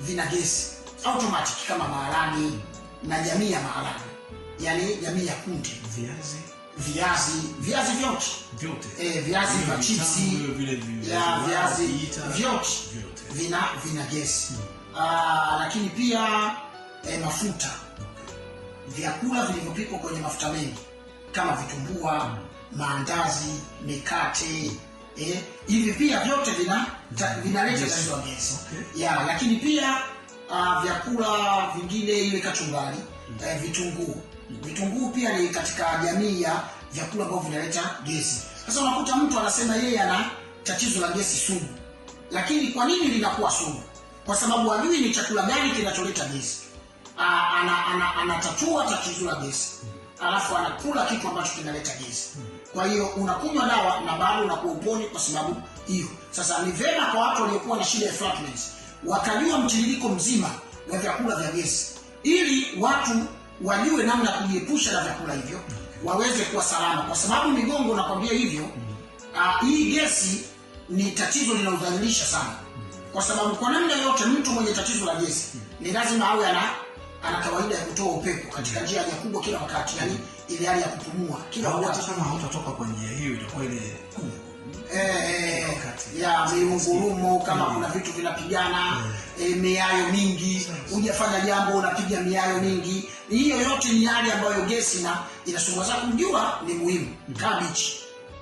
vina gesi automatic kama maharani na jamii ya maharani, yani jamii ya kunde, viazi viazi viazi vyote vyote, eh, viazi vya chipsi ya viazi vyote vina vina gesi hmm. Uh, lakini pia eh, mafuta vyakula vilivyopikwa kwenye mafuta mengi kama vitumbua, hmm. maandazi, mikate eh, hivi pia vyote vina mm. vinaleta tatizo la okay. ya lakini pia uh, vyakula vingine ile kachumbari mm. eh, vitunguu mm. vitunguu pia ni katika jamii ya vyakula ambavyo vinaleta gesi. Sasa unakuta mtu anasema yeye ana tatizo la gesi sugu, lakini kwa nini linakuwa sugu? Kwa sababu hajui ni chakula gani kinacholeta gesi. Anatatua ah, ana, ana, ana tatizo la gesi alafu anakula kitu ambacho kinaleta gizi Kwa hiyo unakunywa dawa na bado unakuwa uponi kwa sababu hiyo. Sasa ni vema kwa watu waliokuwa na shida ya flatulence wakajua mtiririko mzima wa vyakula vya gesi, ili watu wajue namna ya kujiepusha na vyakula hivyo waweze kuwa salama, kwa sababu migongo, nakwambia hivyo, uh, hii gesi ni tatizo linalodhalilisha sana, kwa sababu kwa namna yote mtu mwenye tatizo la gesi ni lazima awe ana ana kawaida ya kutoa upepo katika njia ya kubwa kila wakati, yani ile hali ya kupumua kila wakati. Kama hautatoka kwa njia hiyo, itakuwa ile eh, eh, eh, ya migurumo, kama kuna vitu vinapigana, miayo mingi, hujafanya jambo unapiga miayo mingi. Hiyo yote ni hali ambayo gesi na inasumbua. Sasa kujua ni muhimu. Cabbage